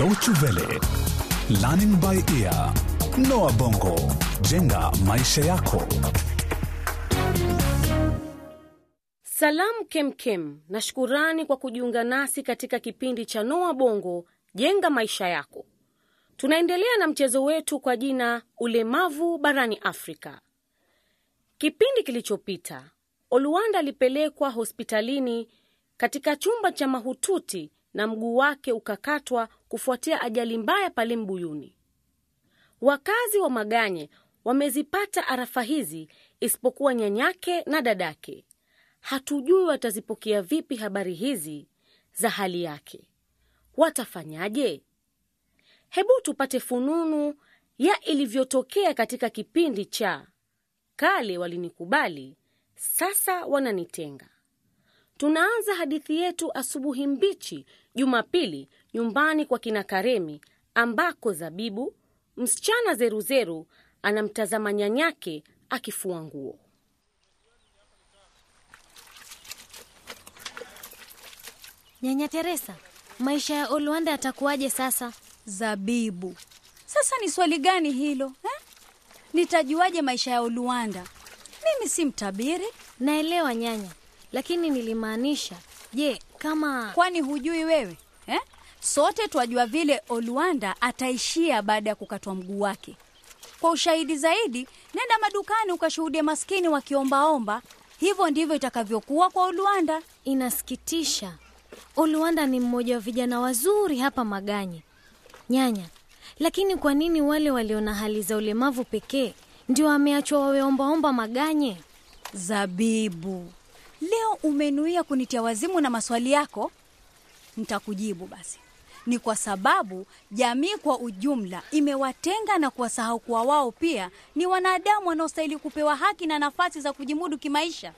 Deutsche Welle, Learning by Ear, Noah Bongo, Jenga Maisha Yako. Salamu kemkem na shukurani kwa kujiunga nasi katika kipindi cha Noah Bongo, Jenga Maisha Yako. Tunaendelea na mchezo wetu kwa jina Ulemavu Barani Afrika. Kipindi kilichopita, Oluanda alipelekwa hospitalini katika chumba cha mahututi na mguu wake ukakatwa kufuatia ajali mbaya pale Mbuyuni. Wakazi wa Maganye wamezipata arafa hizi isipokuwa nyanyake na dadake. Hatujui watazipokea vipi habari hizi za hali yake, watafanyaje? Hebu tupate fununu ya ilivyotokea katika kipindi cha kale. Walinikubali, sasa wananitenga. Tunaanza hadithi yetu asubuhi mbichi Jumapili nyumbani kwa kina Karemi ambako Zabibu, msichana Zeruzeru, anamtazama nyanyake akifua nguo. Nyanya Teresa, maisha ya Olwanda yatakuwaje sasa? Zabibu, sasa ni swali gani hilo eh? Nitajuaje maisha ya Olwanda? Mimi si mtabiri. Naelewa nyanya, lakini nilimaanisha, je, kama... Kwani hujui wewe Sote twajua vile oluanda ataishia baada ya kukatwa mguu wake. Kwa ushahidi zaidi, nenda madukani ukashuhudia maskini wakiombaomba. Hivyo ndivyo itakavyokuwa kwa oluanda Inasikitisha. oluanda ni mmoja wa vijana wazuri hapa Maganye, nyanya. Lakini kwa nini wale walio na hali za ulemavu pekee ndio wameachwa waweombaomba Maganye? Zabibu, leo umenuia kunitia wazimu na maswali yako? Nitakujibu basi ni kwa sababu jamii kwa ujumla imewatenga na kuwasahau kuwa wao pia ni wanadamu wanaostahili kupewa haki na nafasi za kujimudu kimaisha,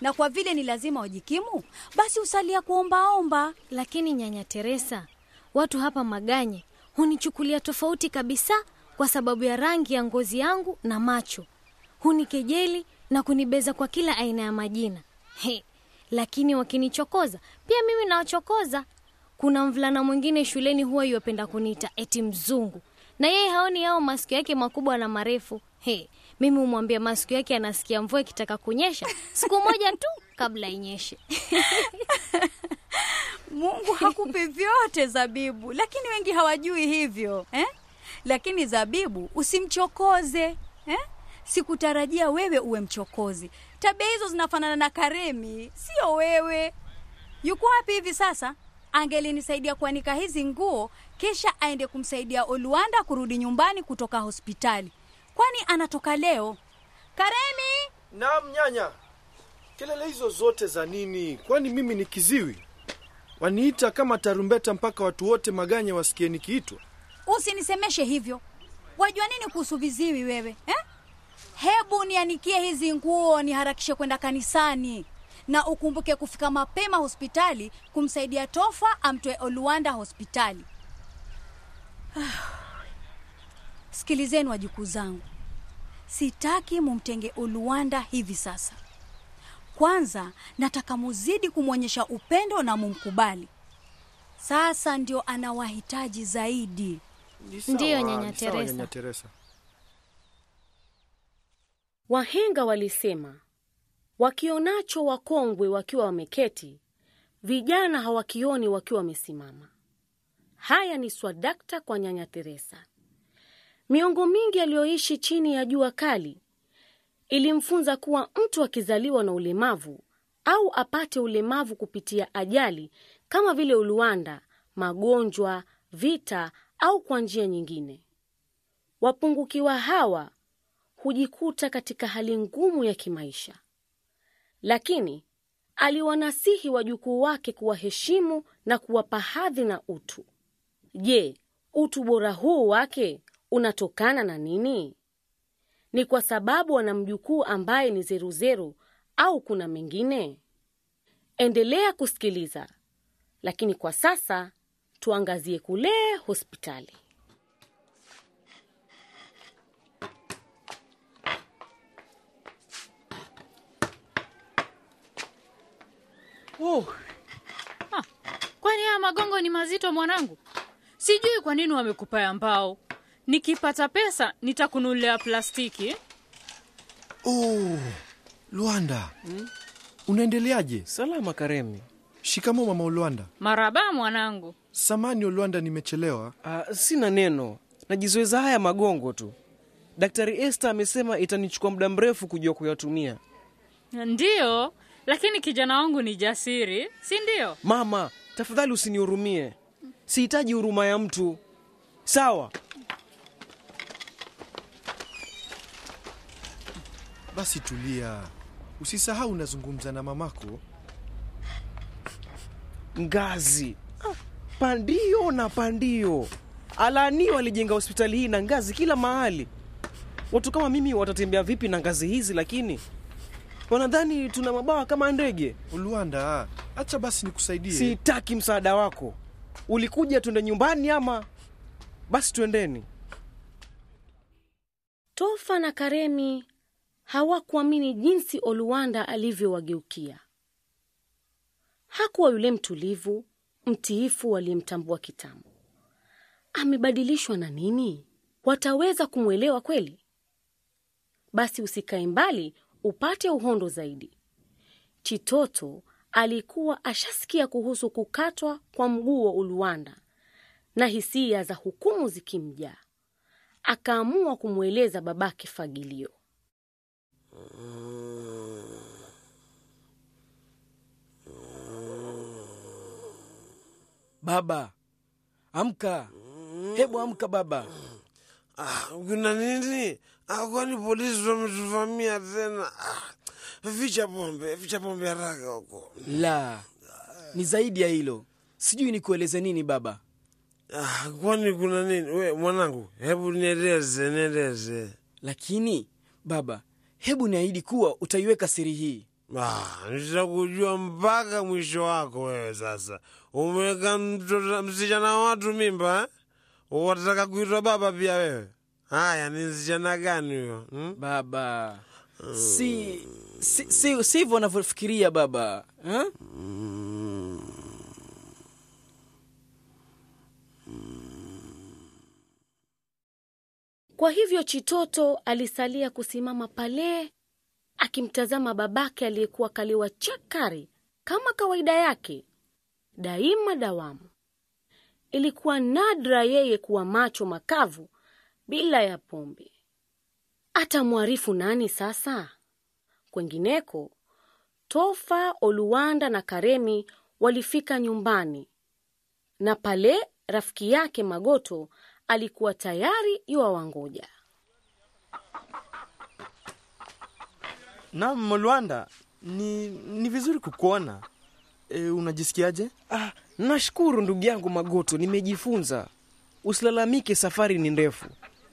na kwa vile ni lazima wajikimu, basi husalia kuombaomba. Lakini nyanya Teresa, watu hapa Maganye hunichukulia tofauti kabisa kwa sababu ya rangi ya ngozi yangu na macho, hunikejeli na kunibeza kwa kila aina ya majina. He, lakini wakinichokoza pia mimi nawachokoza kuna mvulana mwingine shuleni huwa yuwapenda kuniita eti mzungu, na yeye haoni yao masikio yake makubwa na marefu. He, mimi humwambia masikio yake anasikia mvua ikitaka kunyesha siku moja tu kabla inyeshe. Mungu hakupi vyote Zabibu, lakini wengi hawajui hivyo eh? Lakini Zabibu, usimchokoze eh? Sikutarajia wewe uwe mchokozi. Tabia hizo zinafanana na Karemi, sio wewe. Yuko wapi hivi sasa? angelinisaidia kuanika hizi nguo, kisha aende kumsaidia oluanda kurudi nyumbani kutoka hospitali, kwani anatoka leo. Karemi! Naam nyanya. Kelele hizo zote za nini? Kwani mimi ni kiziwi? Waniita kama tarumbeta mpaka watu wote Maganya wasikie nikiitwa. Usinisemeshe hivyo. Wajua nini kuhusu viziwi wewe eh? Hebu nianikie hizi nguo niharakishe kwenda kanisani na ukumbuke kufika mapema hospitali kumsaidia Tofa amtoe Oluanda hospitali. Sikilizeni wajukuu zangu, sitaki mumtenge Oluanda hivi sasa. Kwanza nataka muzidi kumwonyesha upendo na mumkubali. Sasa ndio anawahitaji zaidi. Ndiyo nyanya Teresa. Wahenga walisema wakionacho wakongwe wakiwa wameketi, vijana hawakioni wakiwa wamesimama. Haya ni swadakta kwa nyanya Teresa. Miongo mingi aliyoishi chini ya jua kali ilimfunza kuwa mtu akizaliwa na ulemavu au apate ulemavu kupitia ajali kama vile uluanda, magonjwa, vita au kwa njia nyingine, wapungukiwa hawa hujikuta katika hali ngumu ya kimaisha lakini aliwanasihi wajukuu wake kuwaheshimu na kuwapa hadhi na utu. Je, utu bora huu wake unatokana na nini? Ni kwa sababu ana mjukuu ambaye ni zeruzeru au kuna mengine? Endelea kusikiliza, lakini kwa sasa tuangazie kule hospitali. Oh. Ah, kwani haya magongo ni mazito mwanangu? Sijui kwa nini wamekupa ya mbao. Nikipata pesa nitakunulia plastiki. Eh? Oh, Luanda. Hmm? Unaendeleaje? Salama Karemi. Shikamo mama Luanda. Maraba mwanangu. Samani oh, Luanda, nimechelewa. Uh, sina neno, najizoeza haya magongo tu. Daktari Esther amesema itanichukua muda mrefu kujua kuyatumia. Ndiyo, lakini kijana wangu ni jasiri, si ndio? Mama, tafadhali usinihurumie, sihitaji huruma ya mtu. Sawa basi, tulia, usisahau unazungumza na mamako. Ngazi pandio na pandio, alani walijenga hospitali hii na ngazi kila mahali. Watu kama mimi watatembea vipi na ngazi hizi? Lakini wanadhani tuna mabawa kama ndege. Luanda, hacha basi nikusaidie. Sitaki msaada wako. Ulikuja tuende nyumbani ama? Basi tuendeni. Tofa na Karemi hawakuamini jinsi oluanda alivyowageukia. Hakuwa yule mtulivu, mtiifu aliyemtambua kitambo. Amebadilishwa na nini? Wataweza kumwelewa kweli? Basi usikae mbali upate uhondo zaidi. Chitoto alikuwa ashasikia kuhusu kukatwa kwa mguu wa Uluanda na hisia za hukumu zikimjaa, akaamua kumweleza babake Fagilio. Baba, amka! Hebu amka baba! Ah, kuna nini? Ah, kwani polisi wametuvamia tena? vicha ah, ficha pombe, ficha pombe haraka huko. La, ni zaidi ya hilo. Sijui nikueleze nini baba. Ah, kwani kuna nini? We mwanangu, hebu nieleze, nieleze. Lakini baba, hebu niahidi kuwa utaiweka siri hii. Ah, nitakujua mpaka mwisho wako wewe. Sasa umeweka msichana watu mimba eh? Unataka kuitwa baba pia wewe? Haya, ni msichana gani huyo hmm? Baba hmm. si si si, si hivyo baba hmm? Kwa hivyo Chitoto alisalia kusimama pale akimtazama babake aliyekuwa kaliwa chakari kama kawaida yake daima dawamu. Ilikuwa nadra yeye kuwa macho makavu bila ya pombe. Atamwarifu nani sasa? Kwengineko, Tofa, Oluwanda na Karemi walifika nyumbani, na pale rafiki yake Magoto alikuwa tayari yuawangoja. Naam, Oluwanda, ni, ni vizuri kukuona. E, unajisikiaje? Ah, Nashukuru ndugu yangu Magoto, nimejifunza usilalamike, safari ni ndefu.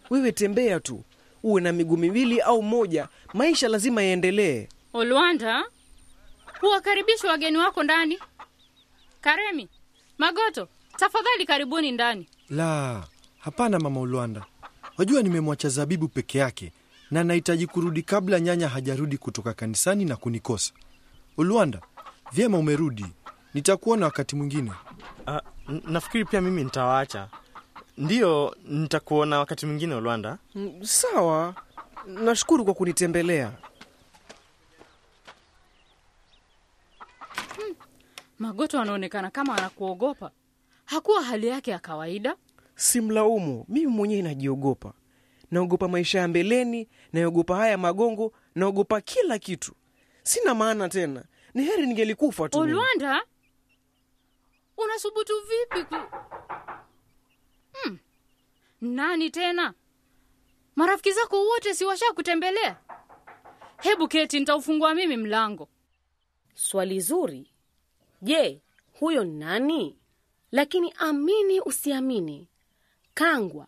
Wewe tembea tu, uwe na miguu miwili au moja, maisha lazima yaendelee. Olwanda, huwakaribisha wageni wako ndani. Karemi, Magoto, tafadhali karibuni ndani. La, hapana mama Olwanda, wajua nimemwacha Zabibu peke yake na nahitaji kurudi kabla nyanya hajarudi kutoka kanisani na kunikosa. Olwanda, vyema umerudi. Nitakuona wakati mwingine. Uh, nafikiri pia mimi nitawaacha. Ndiyo, nitakuona wakati mwingine Olwanda. Mm, sawa, nashukuru kwa kunitembelea. Hmm, Magoto anaonekana kama anakuogopa. Hakuwa hali yake ya kawaida. Simlaumu, mimi mwenyewe najiogopa. Naogopa maisha ya mbeleni, naogopa haya magongo, naogopa kila kitu. Sina maana tena, ni heri ningelikufa tu. Olwanda! unasubutu vipi ku... hmm. nani tena marafiki zako wote siwasha kutembelea hebu keti nitaufungua mimi mlango swali zuri je huyo nani lakini amini usiamini kangwa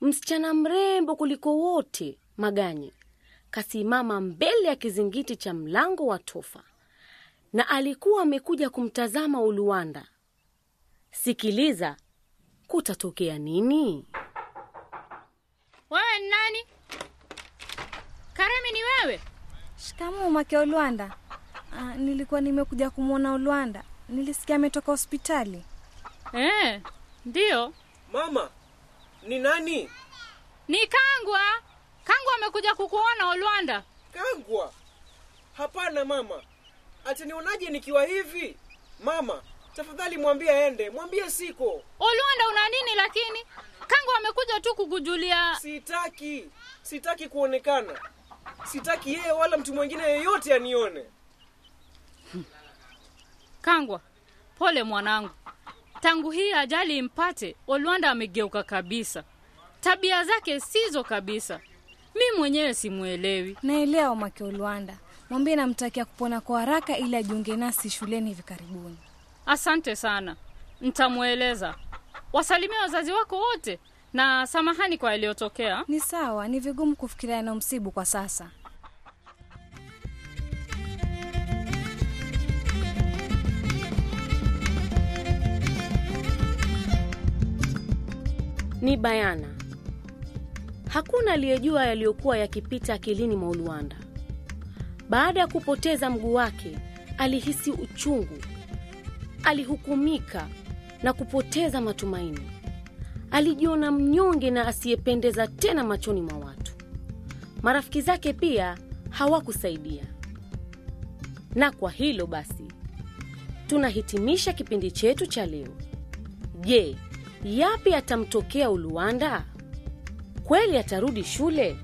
msichana mrembo kuliko wote maganye kasimama mbele ya kizingiti cha mlango wa tofa na alikuwa amekuja kumtazama uluwanda Sikiliza, kutatokea nini? Wewe ni nani? Karemi ni wewe? Shikamoo make Olwanda. Ah, nilikuwa nimekuja kumwona Olwanda. Nilisikia ametoka hospitali. Eh, ndiyo. Mama, ni nani? Ni Kangwa. Kangwa amekuja kukuona Olwanda. Kangwa? Hapana mama, atanionaje nikiwa hivi? Mama, Tafadhali mwambie aende, mwambie siko. Olwanda, una nini lakini? Kango amekuja tu kukujulia. Sitaki, sitaki kuonekana, sitaki yeye wala mtu mwingine yeyote anione. Hmm. Kangwa, pole mwanangu. Tangu hii ajali impate, Olwanda amegeuka kabisa, tabia zake sizo kabisa. Mi mwenyewe simwelewi. Naelewa make Olwanda, mwambie namtakia kupona kwa haraka ili ajiunge nasi shuleni hivi karibuni. Asante sana, ntamweleza. Wasalimia wazazi wako wote na samahani kwa yaliyotokea. Ni sawa, ni vigumu kufikiria msibu kwa sasa. Ni bayana, hakuna aliyejua yaliyokuwa yakipita akilini mwa Uluanda. Baada ya kupoteza mguu wake, alihisi uchungu alihukumika na kupoteza matumaini. Alijiona mnyonge na asiyependeza tena machoni mwa watu. Marafiki zake pia hawakusaidia, na kwa hilo basi tunahitimisha kipindi chetu cha leo. Je, yapi atamtokea Uluanda? Kweli atarudi shule?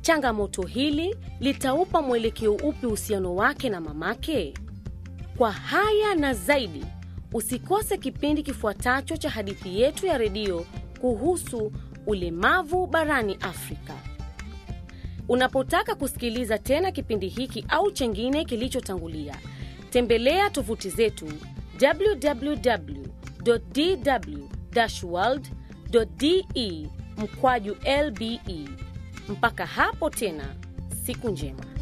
Changamoto hili litaupa mwelekeo upi uhusiano wake na mamake? Kwa haya na zaidi, usikose kipindi kifuatacho cha hadithi yetu ya redio kuhusu ulemavu barani Afrika. Unapotaka kusikiliza tena kipindi hiki au chengine kilichotangulia, tembelea tovuti zetu wwwdwworldde mkwaju lbe. Mpaka hapo tena, siku njema.